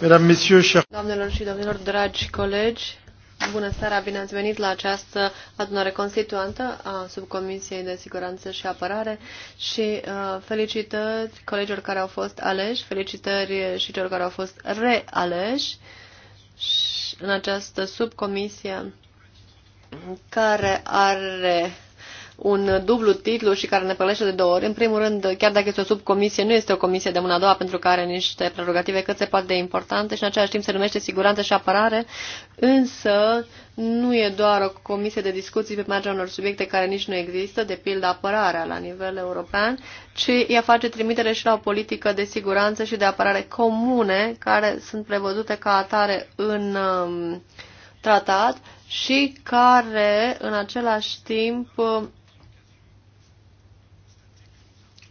Doamnelor și domnilor, dragi colegi, bună seara, bine ați venit la această adunare constituantă a Subcomisiei de Siguranță și Apărare și uh, felicitări colegilor care au fost aleși, felicitări și celor care au fost realeși în această subcomisie care are un dublu titlu și care ne pălește de două ori. În primul rând, chiar dacă este o subcomisie, nu este o comisie de mâna a doua pentru că are niște prerogative cât se poate de importante și în același timp se numește siguranță și apărare, însă nu e doar o comisie de discuții pe marginea unor subiecte care nici nu există, de pildă apărarea la nivel european, ci ea face trimitere și la o politică de siguranță și de apărare comune care sunt prevăzute ca atare în um, tratat și care în același timp um,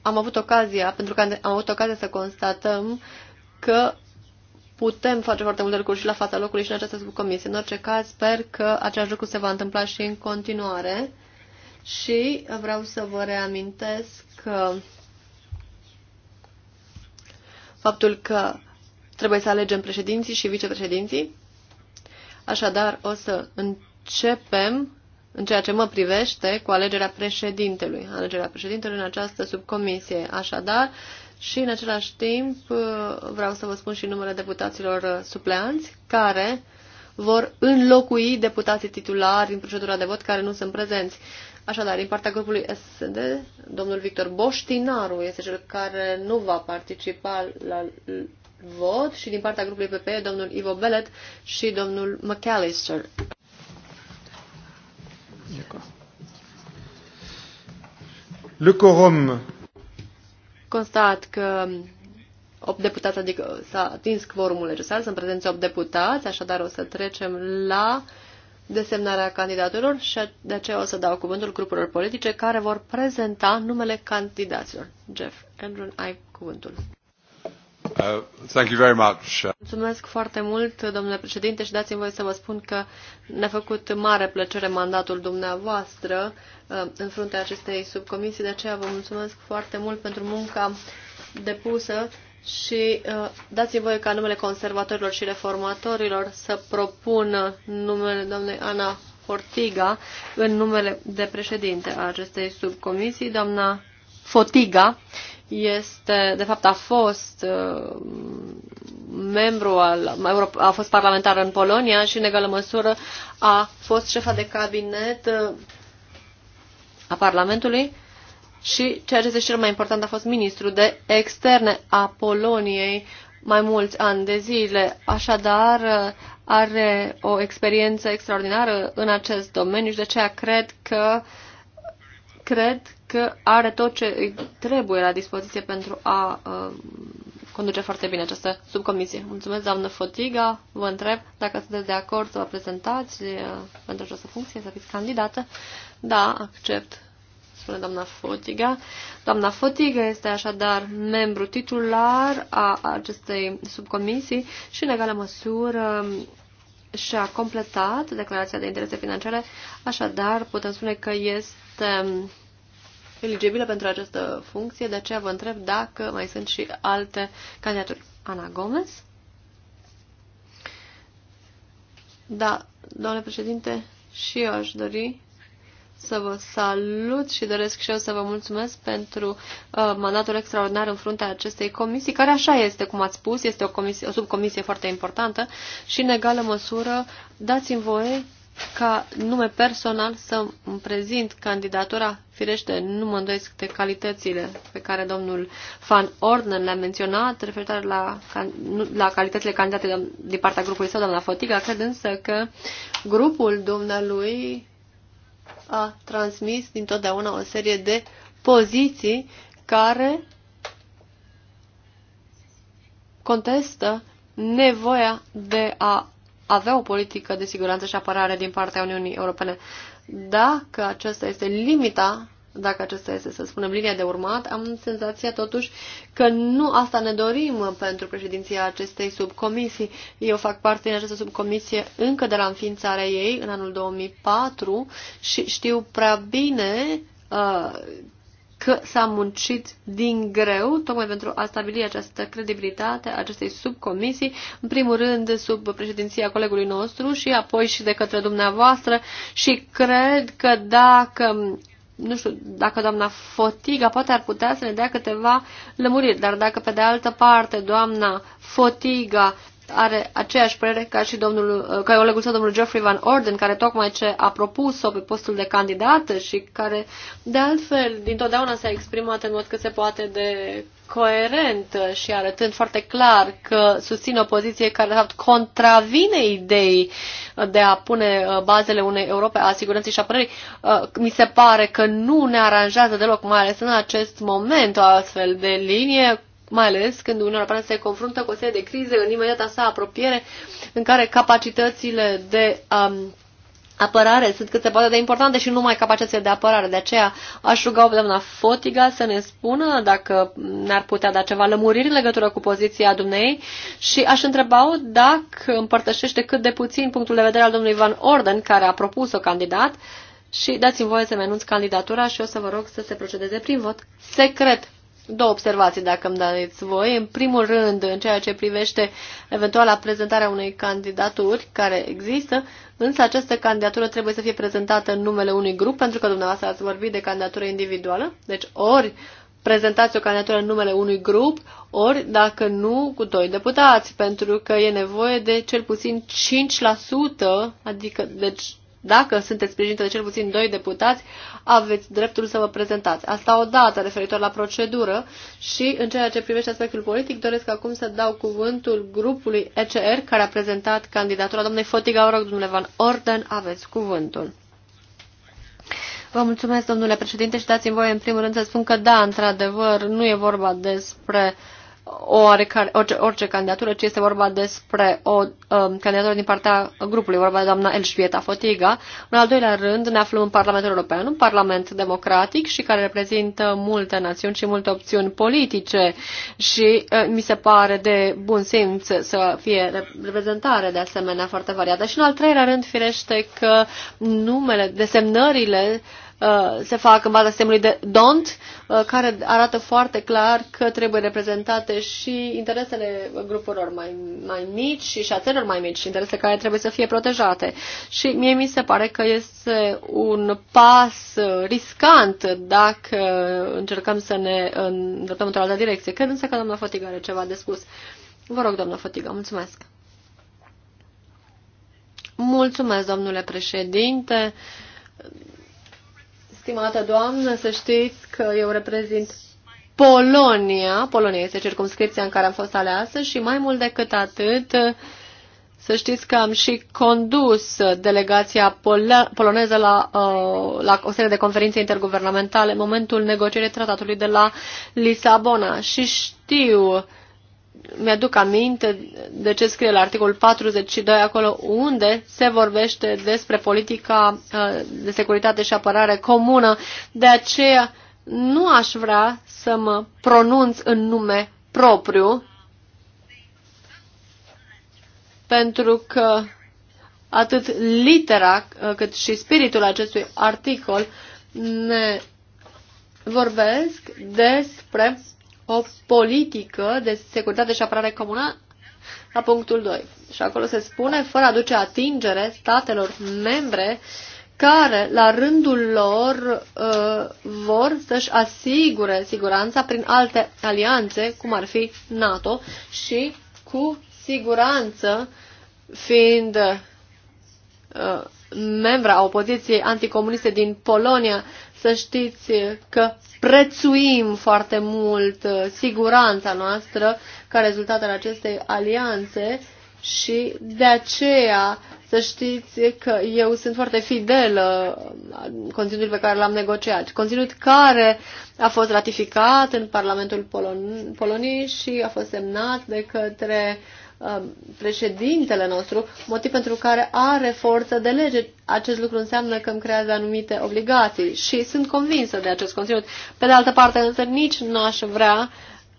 am avut ocazia, pentru că am avut ocazia să constatăm că putem face foarte multe lucruri și la fața locului și în această subcomisie. În orice caz, sper că același lucru se va întâmpla și în continuare. Și vreau să vă reamintesc că faptul că trebuie să alegem președinții și vicepreședinții. Așadar, o să începem în ceea ce mă privește cu alegerea președintelui, alegerea președintelui în această subcomisie. Așadar, și în același timp uh, vreau să vă spun și numele deputaților uh, supleanți care vor înlocui deputații titulari în procedura de vot care nu sunt prezenți. Așadar, din partea grupului SD, domnul Victor Boștinaru este cel care nu va participa la vot și din partea grupului PP domnul Ivo Belet și domnul McAllister. Le quorum. Constat că 8 deputați, adică s-a atins quorumul legislativ, sunt prezenți 8 deputați, așadar o să trecem la desemnarea candidaturilor și de aceea o să dau cuvântul grupurilor politice care vor prezenta numele candidaților. Jeff, Andrew, ai cuvântul. Uh, thank you very much. Mulțumesc foarte mult, domnule președinte, și dați-mi voie să vă spun că ne-a făcut mare plăcere mandatul dumneavoastră uh, în fruntea acestei subcomisii, de aceea vă mulțumesc foarte mult pentru munca depusă și uh, dați-mi voie ca numele conservatorilor și reformatorilor să propun numele doamnei Ana Fortiga în numele de președinte a acestei subcomisii, doamna Fotiga este, de fapt a fost uh, membru al, a fost parlamentar în Polonia și în egală măsură a fost șefa de cabinet uh, a Parlamentului și, ceea ce este cel mai important, a fost ministru de externe a Poloniei mai mulți ani de zile. Așadar, uh, are o experiență extraordinară în acest domeniu și de aceea cred că, cred că are tot ce îi trebuie la dispoziție pentru a uh, conduce foarte bine această subcomisie. Mulțumesc, doamnă Fotiga. Vă întreb dacă sunteți de acord să vă prezentați uh, pentru această funcție, să fiți candidată. Da, accept, spune doamna Fotiga. Doamna Fotiga este așadar membru titular a acestei subcomisii și, în egală măsură, și-a completat declarația de interese financiare, așadar putem spune că este eligibilă pentru această funcție, de aceea vă întreb dacă mai sunt și alte candidaturi. Ana Gomez? Da, doamne președinte, și eu aș dori să vă salut și doresc și eu să vă mulțumesc pentru uh, mandatul extraordinar în fruntea acestei comisii, care așa este, cum ați spus, este o, comisie, o subcomisie foarte importantă și, în egală măsură, dați-mi voie ca nume personal să îmi prezint candidatura. Firește, nu mă îndoiesc de calitățile pe care domnul Van Orden le-a menționat, referitor la, la calitățile candidate din partea grupului său, doamna Fotiga. Cred însă că grupul dumnealui a transmis dintotdeauna o serie de poziții care contestă nevoia de a avea o politică de siguranță și apărare din partea Uniunii Europene. Dacă aceasta este limita, dacă acesta este, să spunem, linia de urmat, am senzația totuși că nu asta ne dorim pentru președinția acestei subcomisii. Eu fac parte din această subcomisie încă de la înființarea ei, în anul 2004, și știu prea bine uh, că s-a muncit din greu, tocmai pentru a stabili această credibilitate a acestei subcomisii, în primul rând sub președinția colegului nostru și apoi și de către dumneavoastră și cred că dacă nu știu, dacă doamna Fotiga poate ar putea să ne dea câteva lămuriri, dar dacă pe de altă parte doamna Fotiga are aceeași părere ca și domnul, uh, ca colegul său, domnul Geoffrey Van Orden, care tocmai ce a propus-o pe postul de candidată și care, de altfel, dintotdeauna s-a exprimat în mod cât se poate de coerent și arătând foarte clar că susține o poziție care, de fapt, contravine ideii de a pune uh, bazele unei Europe a siguranței și apărării, uh, mi se pare că nu ne aranjează deloc, mai ales în acest moment, o astfel de linie mai ales când Uniunea Europeană se confruntă cu o serie de crize în imediata sa apropiere, în care capacitățile de um, apărare sunt cât se poate de importante și numai capacitățile de apărare. De aceea aș ruga o doamna Fotiga să ne spună dacă ne-ar putea da ceva lămuriri în legătură cu poziția dumnei și aș întreba-o dacă împărtășește cât de puțin punctul de vedere al domnului Van Orden, care a propus-o candidat, și dați-mi voie să-mi anunț candidatura și o să vă rog să se procedeze prin vot secret două observații, dacă îmi dați voi. În primul rând, în ceea ce privește eventuala prezentarea unei candidaturi care există, însă această candidatură trebuie să fie prezentată în numele unui grup, pentru că dumneavoastră ați vorbit de candidatură individuală, deci ori prezentați o candidatură în numele unui grup, ori, dacă nu, cu doi deputați, pentru că e nevoie de cel puțin 5%, adică deci dacă sunteți sprijinită de cel puțin doi deputați, aveți dreptul să vă prezentați. Asta o dată referitor la procedură și în ceea ce privește aspectul politic, doresc acum să dau cuvântul grupului ECR care a prezentat candidatura doamnei Fotiga, vă rog, domnule Van Orden, aveți cuvântul. Vă mulțumesc, domnule președinte, și dați-mi voie în primul rând să spun că da, într-adevăr, nu e vorba despre uh, oarecare, orice, orice candidatură, ci este vorba despre o um, candidatură din partea grupului, vorba de doamna Elșvieta Fotiga. În al doilea rând ne aflăm în Parlamentul European, un parlament democratic și care reprezintă multe națiuni și multe opțiuni politice și uh, mi se pare de bun simț să fie reprezentare de asemenea foarte variată. Și în al treilea rând, firește că numele, desemnările uh, Uh, se fac în baza sistemului de DONT, uh, care arată foarte clar că trebuie reprezentate și interesele grupurilor mai, mai mici și a țărilor mai mici, interese care trebuie să fie protejate. Și mie mi se pare că este un pas riscant dacă încercăm să ne îndreptăm într-o altă direcție. Cred însă că doamna Fotiga are ceva de spus. Vă rog, doamna Fotiga, mulțumesc. Mulțumesc, domnule președinte. Stimată doamnă, să știți că eu reprezint Polonia. Polonia este circumscripția în care am fost aleasă și mai mult decât atât, să știți că am și condus delegația pol poloneză la, uh, la o serie de conferințe interguvernamentale în momentul negocierii tratatului de la Lisabona și știu mi-aduc aminte de ce scrie la articolul 42, acolo unde se vorbește despre politica uh, de securitate și apărare comună. De aceea nu aș vrea să mă pronunț în nume propriu, pentru că atât litera uh, cât și spiritul acestui articol ne vorbesc despre o politică de securitate și apărare comună la punctul 2. Și acolo se spune, fără a duce atingere statelor membre care, la rândul lor, uh, vor să-și asigure siguranța prin alte alianțe, cum ar fi NATO, și cu siguranță fiind uh, membra a opoziției anticomuniste din Polonia, să știți că prețuim foarte mult uh, siguranța noastră ca rezultat al acestei alianțe și de aceea să știți că eu sunt foarte fidelă uh, conținutului pe care l-am negociat. Conținut care a fost ratificat în Parlamentul Polon- Poloniei și a fost semnat de către Um, președintele nostru, motiv pentru care are forță de lege. Acest lucru înseamnă că îmi creează anumite obligații și sunt convinsă de acest conținut. Pe de altă parte, însă, nici nu aș vrea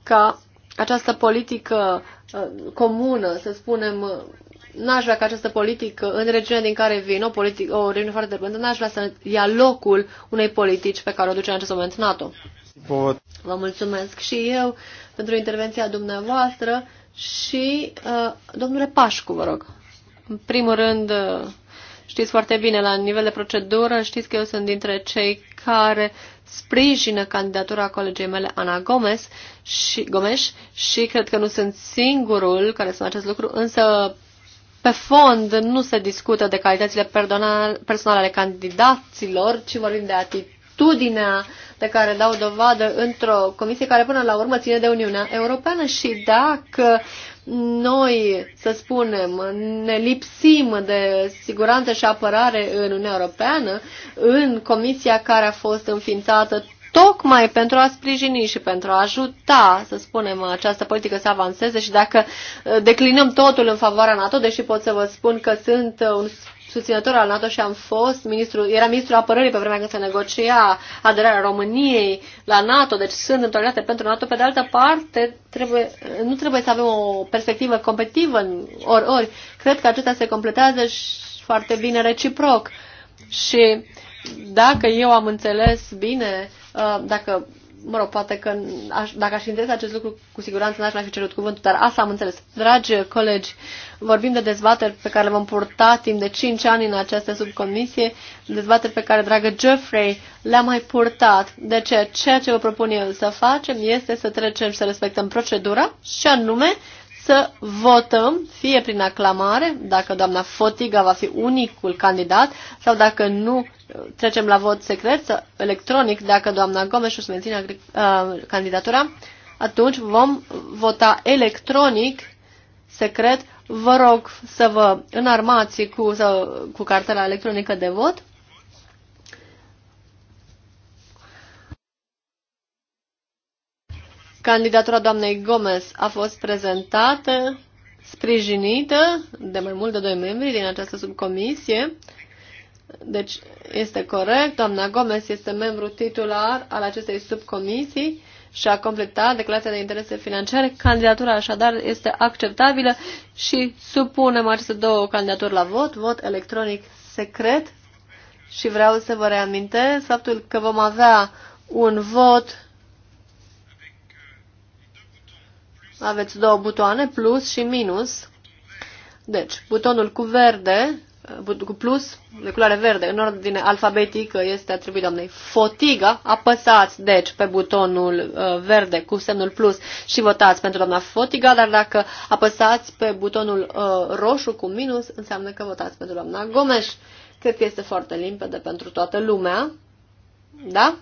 ca această politică uh, comună, să spunem, uh, n-aș vrea ca această politică în regiunea din care vin, o, politică, o regiune foarte dependentă, n-aș vrea să ia locul unei politici pe care o duce în acest moment NATO. Vă mulțumesc și eu pentru intervenția dumneavoastră și, uh, domnule Pașcu, vă rog, în primul rând, uh, știți foarte bine, la nivel de procedură, știți că eu sunt dintre cei care sprijină candidatura colegei mele, Ana Gomez, și, Gomes, și cred că nu sunt singurul care sunt acest lucru, însă pe fond nu se discută de calitățile personale ale candidaților, ci vorbim de atitudine certitudinea de care dau dovadă într-o comisie care până la urmă ține de Uniunea Europeană și dacă noi, să spunem, ne lipsim de siguranță și apărare în Uniunea Europeană, în comisia care a fost înființată tocmai pentru a sprijini și pentru a ajuta, să spunem, această politică să avanseze și dacă eh, declinăm totul în favoarea NATO, deși pot să vă spun că sunt un susținător al NATO și am fost ministru, era ministrul apărării pe vremea când se negocia aderarea României la NATO, deci sunt întotdeauna pentru NATO. Pe de altă parte, trebuie, nu trebuie să avem o perspectivă competitivă în ori, ori. Cred că acestea se completează și foarte bine reciproc. Și dacă eu am înțeles bine, uh, dacă mă rog, poate că aș, dacă aș fi înțeles acest lucru, cu siguranță n-aș mai fi cerut cuvântul, dar asta am înțeles. Dragi colegi, vorbim de dezbateri pe care le vom purta timp de 5 ani în această subcomisie, dezbateri pe care, dragă Jeffrey, le-a mai purtat. De ce? Ceea ce vă propun eu să facem este să trecem și să respectăm procedura și anume să votăm, fie prin aclamare, dacă doamna Fotiga va fi unicul candidat, sau dacă nu, trecem la vot secret, electronic, dacă doamna Gomes își menține uh, candidatura, atunci vom vota electronic, secret. Vă rog să vă înarmați cu, să, cu cartela electronică de vot. Candidatura doamnei Gomez a fost prezentată, sprijinită de mai mult de doi membri din această subcomisie. Deci este corect, doamna Gomez este membru titular al acestei subcomisii și a completat declarația de interese financiare. Candidatura așadar este acceptabilă și supunem aceste două candidaturi la vot, vot electronic secret. Și vreau să vă reamintesc faptul că vom avea un vot Aveți două butoane, plus și minus. Deci, butonul cu verde, cu plus, de culoare verde, în ordine alfabetică, este atribuit doamnei Fotiga. Apăsați, deci, pe butonul uh, verde cu semnul plus și votați pentru doamna Fotiga, dar dacă apăsați pe butonul uh, roșu cu minus, înseamnă că votați pentru doamna Gomes. Cred că este foarte limpede pentru toată lumea. Da?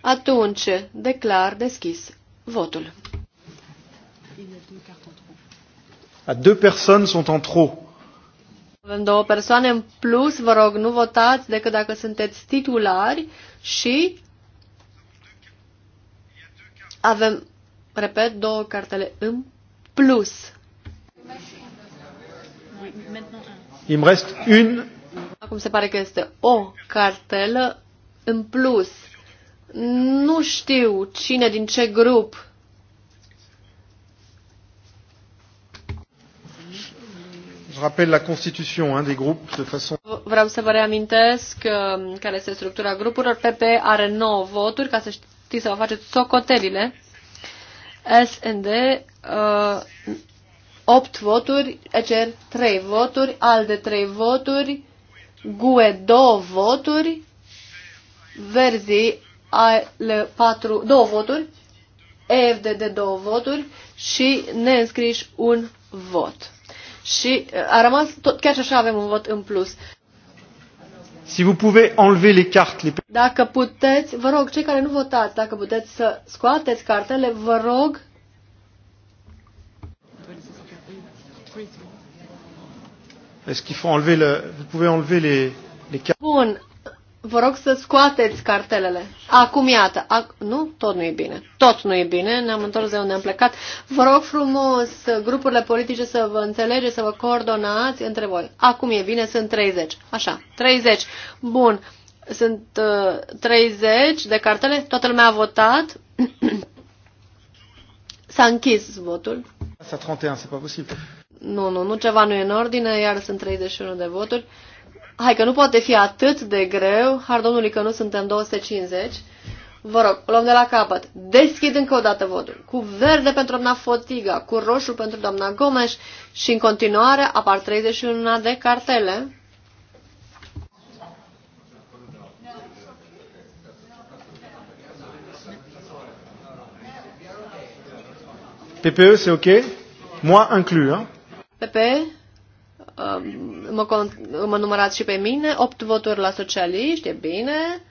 Atunci declar deschis votul a deux À deux personnes sont en trop. Avem două persoane în plus, vă rog, nu votați decât dacă sunteți titulari și avem, repet, două cartele în plus. Îmi me reste une. Acum se pare că este o cartelă în plus. Nu știu cine din ce grup rappelle la constitution hein, des groupes de façon... Vreau să vă reamintesc um, care este structura grupurilor. PP are 9 voturi, ca să știți să vă faceți socotelile. SND uh, 8 voturi, ECR 3 voturi, ALDE 3 voturi, GUE 2 voturi, Verzi ale 4, 2 voturi, EFD de 2 voturi și neînscriși un vot și uh, a rămas, tot, chiar și așa avem un vot în plus. Si vous pouvez enlever les cartes, les... Dacă puteți, vă rog, cei care nu votați, dacă puteți să scoateți cartele, vă rog. Est-ce qu'il faut enlever le... Vous pouvez enlever les, les cartes? Bun, Vă rog să scoateți cartelele. Acum iată. Ac- nu, tot nu e bine. Tot nu e bine. Ne-am întors de unde am plecat. Vă rog frumos, grupurile politice să vă înțelegeți, să vă coordonați între voi. Acum e bine, sunt 30. Așa, 30. Bun. Sunt uh, 30 de cartele. Toată lumea a votat. S-a închis votul. Asta 31, nu pas posibil. Nu, nu, nu, ceva nu e în ordine, iar sunt 31 de voturi. Hai că nu poate fi atât de greu, har domnului că nu suntem 250. Vă rog, luăm de la capăt. Deschid încă o dată votul. Cu verde pentru doamna Fotiga, cu roșu pentru doamna Gomes și în continuare apar 31 de cartele. PPE, c'est OK Moi inclus, hein PPE Um, mă, mă numărați și pe mine, 8 voturi la socialiști, e bine.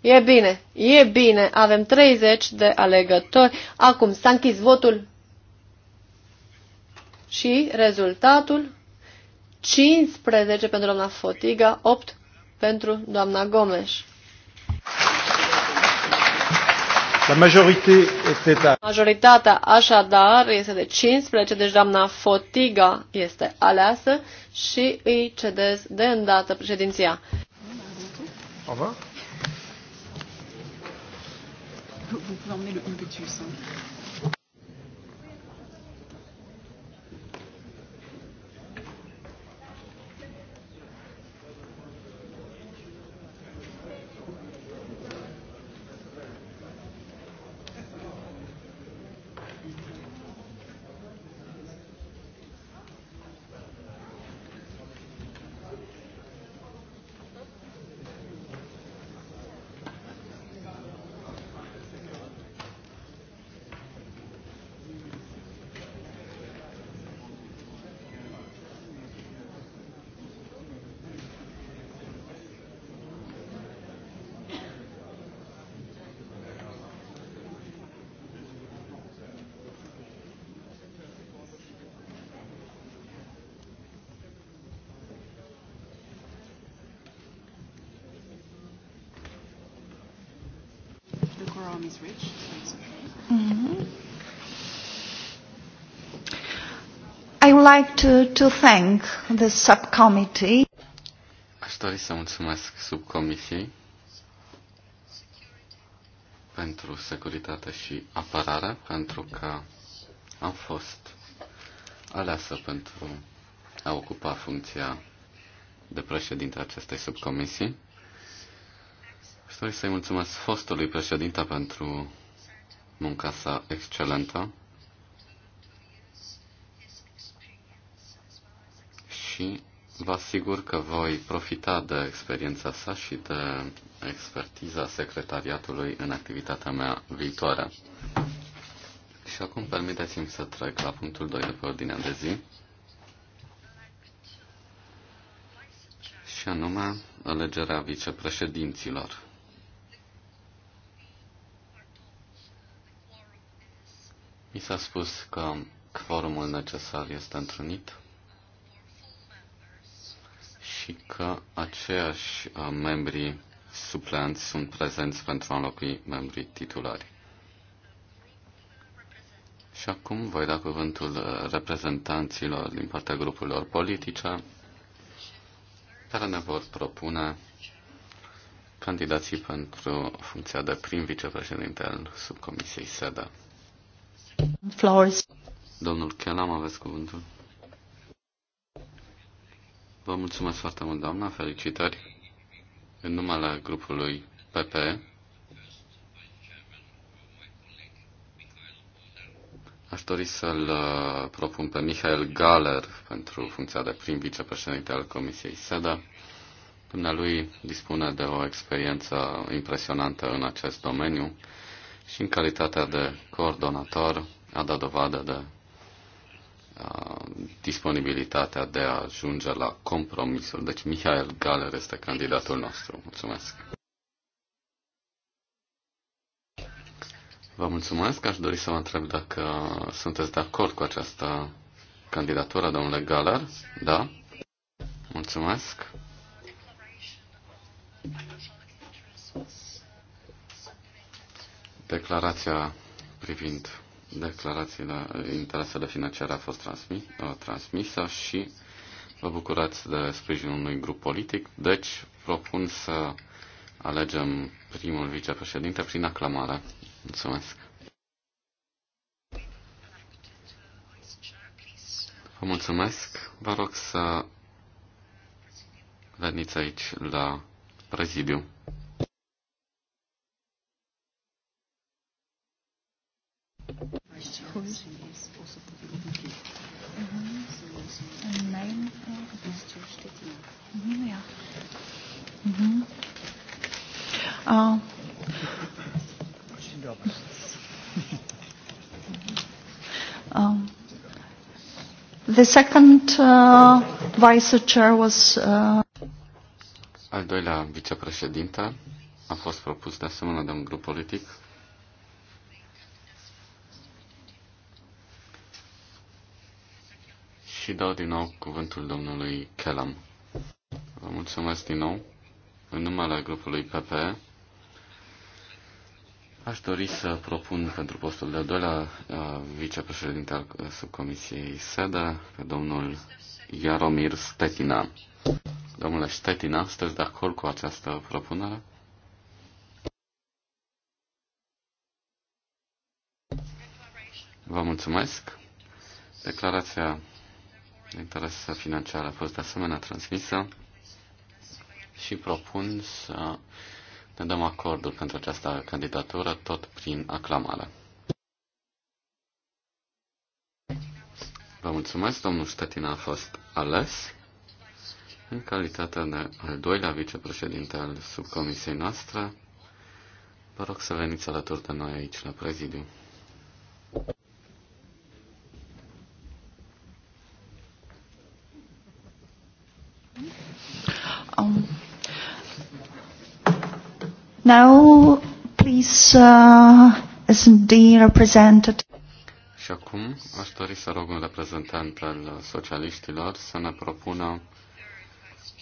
E bine, e bine, avem 30 de alegători. Acum s-a închis votul și rezultatul 15 pentru doamna Fotiga, 8 pentru doamna Gomes. La majorité était à... Majoritatea așadar este de 15, deci doamna Fotiga este aleasă și îi cedez de îndată președinția. Au revoir. Vous pouvez emmener le impetus. Mm-hmm. I would like to, to thank the subcommittee. Aș dori să mulțumesc subcomisiei pentru securitate și apărare, pentru că am fost aleasă pentru a ocupa funcția de președinte acestei subcomisii. Aș dori să-i mulțumesc fostului președinte pentru munca sa excelentă și vă asigur că voi profita de experiența sa și de expertiza secretariatului în activitatea mea viitoare. Și acum permiteți-mi să trec la punctul 2 de pe ordinea de zi. Și anume, alegerea vicepreședinților. Mi s-a spus că quorumul necesar este întrunit și că aceiași uh, membri supleanți sunt prezenți pentru a înlocui membrii titulari. Și acum voi da cuvântul uh, reprezentanților din partea grupurilor politice care ne vor propune candidații pentru funcția de prim vicepreședinte al subcomisiei SEDA. Flores. Domnul Chelam, aveți cuvântul. Vă mulțumesc foarte mult, doamna. Felicitări. În numele grupului PPE, Aș dori să-l uh, propun pe Michael Galer pentru funcția de prim vicepreședinte al Comisiei SEDA. Dumnealui dispune de o experiență impresionantă în acest domeniu și în calitatea de coordonator a dat dovadă de a, disponibilitatea de a ajunge la compromisul, Deci Mihail Galer este candidatul nostru. Mulțumesc! Vă mulțumesc. Aș dori să vă întreb dacă sunteți de acord cu această candidatură, domnule Galer. Da? Mulțumesc. Declarația privind declarațiile, interesele financiare a fost transmis, transmisă și vă bucurați de sprijinul unui grup politic, deci propun să alegem primul vicepreședinte prin aclamare. Mulțumesc. Vă mulțumesc. Vă rog să veniți aici la prezidiu. um, the second uh, vice chair was. Uh... Al doilea vicepreședinte a fost propus de asemenea de un grup politic și dau din nou cuvântul domnului Kelam. Vă mulțumesc din nou. În numele grupului PP aș dori să propun pentru postul de-al doilea uh, vicepreședinte al subcomisiei SEDA pe domnul Jaromir Stetina. Domnule Stetina, sunteți de acord cu această propunere? Vă mulțumesc. Declarația interesă financiară a fost de asemenea transmisă și propun să ne dăm acordul pentru această candidatură tot prin aclamare. Vă mulțumesc, domnul Ștetina a fost ales în calitate de al doilea vicepreședinte al subcomisiei noastre. Vă rog să veniți alături de noi aici la prezidiu. Now, please, uh, the representative. Și acum aș dori să rog un reprezentant al socialiștilor să ne propună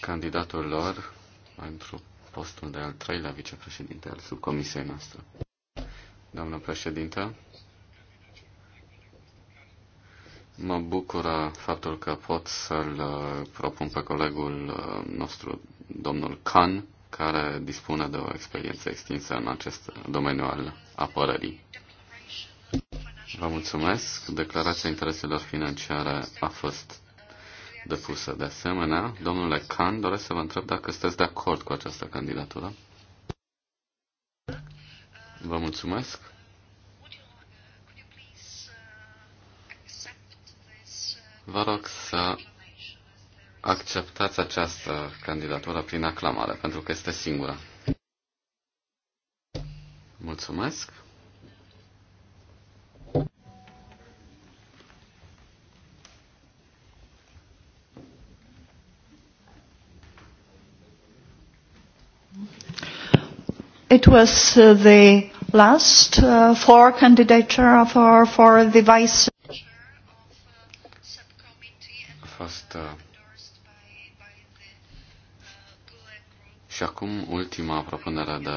candidatul lor pentru postul de al treilea vicepreședinte al subcomisiei noastre. Doamnă președinte, mă bucură faptul că pot să-l uh, propun pe colegul uh, nostru, domnul Khan, care dispune de o experiență extinsă în acest domeniu al apărării. Vă mulțumesc. Declarația intereselor financiare a fost depusă de asemenea. Domnule Khan, doresc să vă întreb dacă sunteți de acord cu această candidatură. Vă mulțumesc. Vă rog să acceptați această candidatură prin aclamare, pentru că este singura. Mulțumesc! It was uh, the last uh, four candidature for, for the vice. And First, uh, Și acum ultima propunere de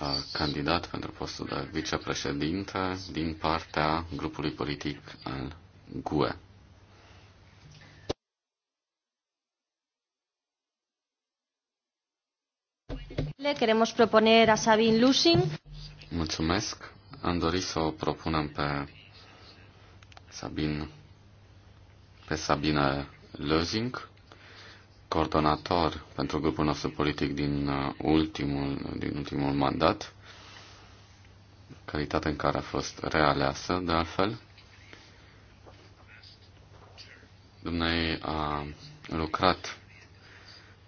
uh, candidat pentru postul de vicepreședinte din partea grupului politic al GUE. Le queremos proponer a Sabine Lusin. Mulțumesc. Am dorit să o propunem pe Sabine, pe Sabine Lusin coordonator pentru grupul nostru politic din uh, ultimul, din ultimul mandat, calitate în care a fost realeasă, de altfel. Dumnezeu a lucrat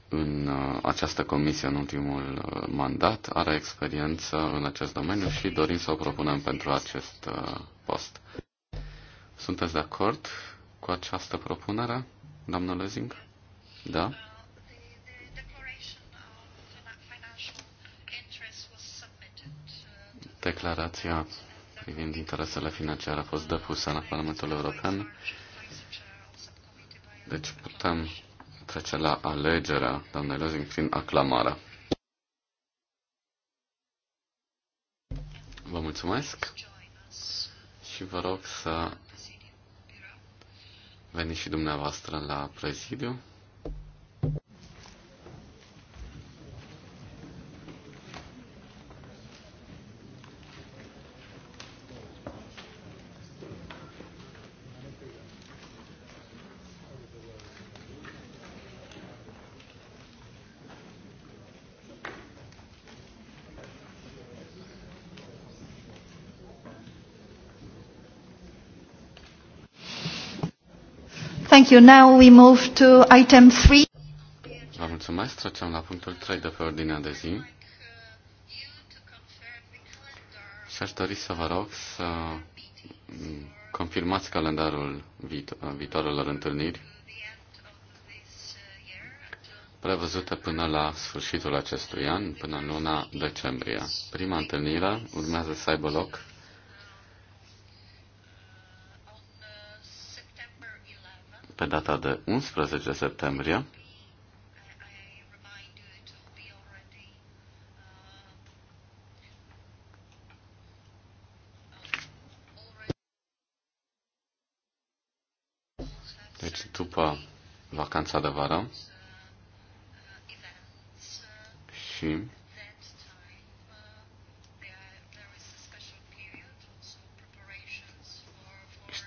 în uh, această comisie în ultimul uh, mandat, are experiență în acest domeniu și dorim să o propunem pentru acest post. Sunteți de acord cu această propunere, doamnă Lezing? Da? Declarația privind interesele financiare a fost depusă în Parlamentul European. Deci putem trece la alegerea doamnei Lozing prin aclamare. Vă mulțumesc și vă rog să veniți și dumneavoastră la prezidiu. Thank you. Now we move to item 3. Vă mulțumesc. Trecem la punctul 3 de pe ordinea de zi. Și aș dori să vă rog să confirmați calendarul viito- viitoarelor întâlniri prevăzute până la sfârșitul acestui an, până în luna decembrie. Prima întâlnire urmează să aibă loc pe data de 11 septembrie. Deci după vacanța de vară și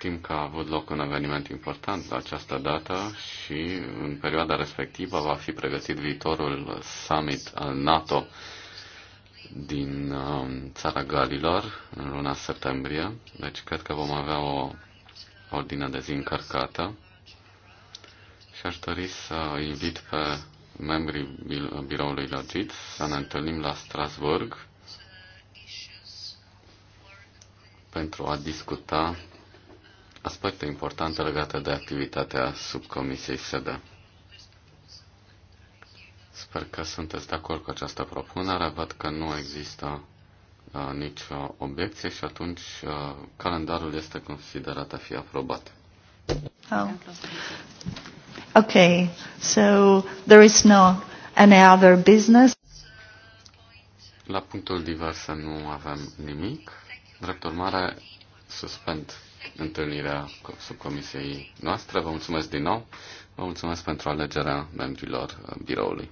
Știm că a avut loc un eveniment important la această dată și în perioada respectivă va fi pregătit viitorul summit al NATO din um, țara Galilor în luna septembrie. Deci cred că vom avea o ordine de zi încărcată și aș dori să invit pe membrii biroului Logit să ne întâlnim la Strasburg pentru a discuta aspecte importante legate de activitatea subcomisiei SEDE. Sper că sunteți de acord cu această propunere. Văd că nu există uh, nicio obiecție și atunci uh, calendarul este considerat a fi aprobat. Oh. Okay, so there is no any other business. La punctul diverse nu avem nimic. Drept urmare, suspend întâlnirea subcomisiei noastre. Vă mulțumesc din nou. Vă mulțumesc pentru alegerea membrilor biroului.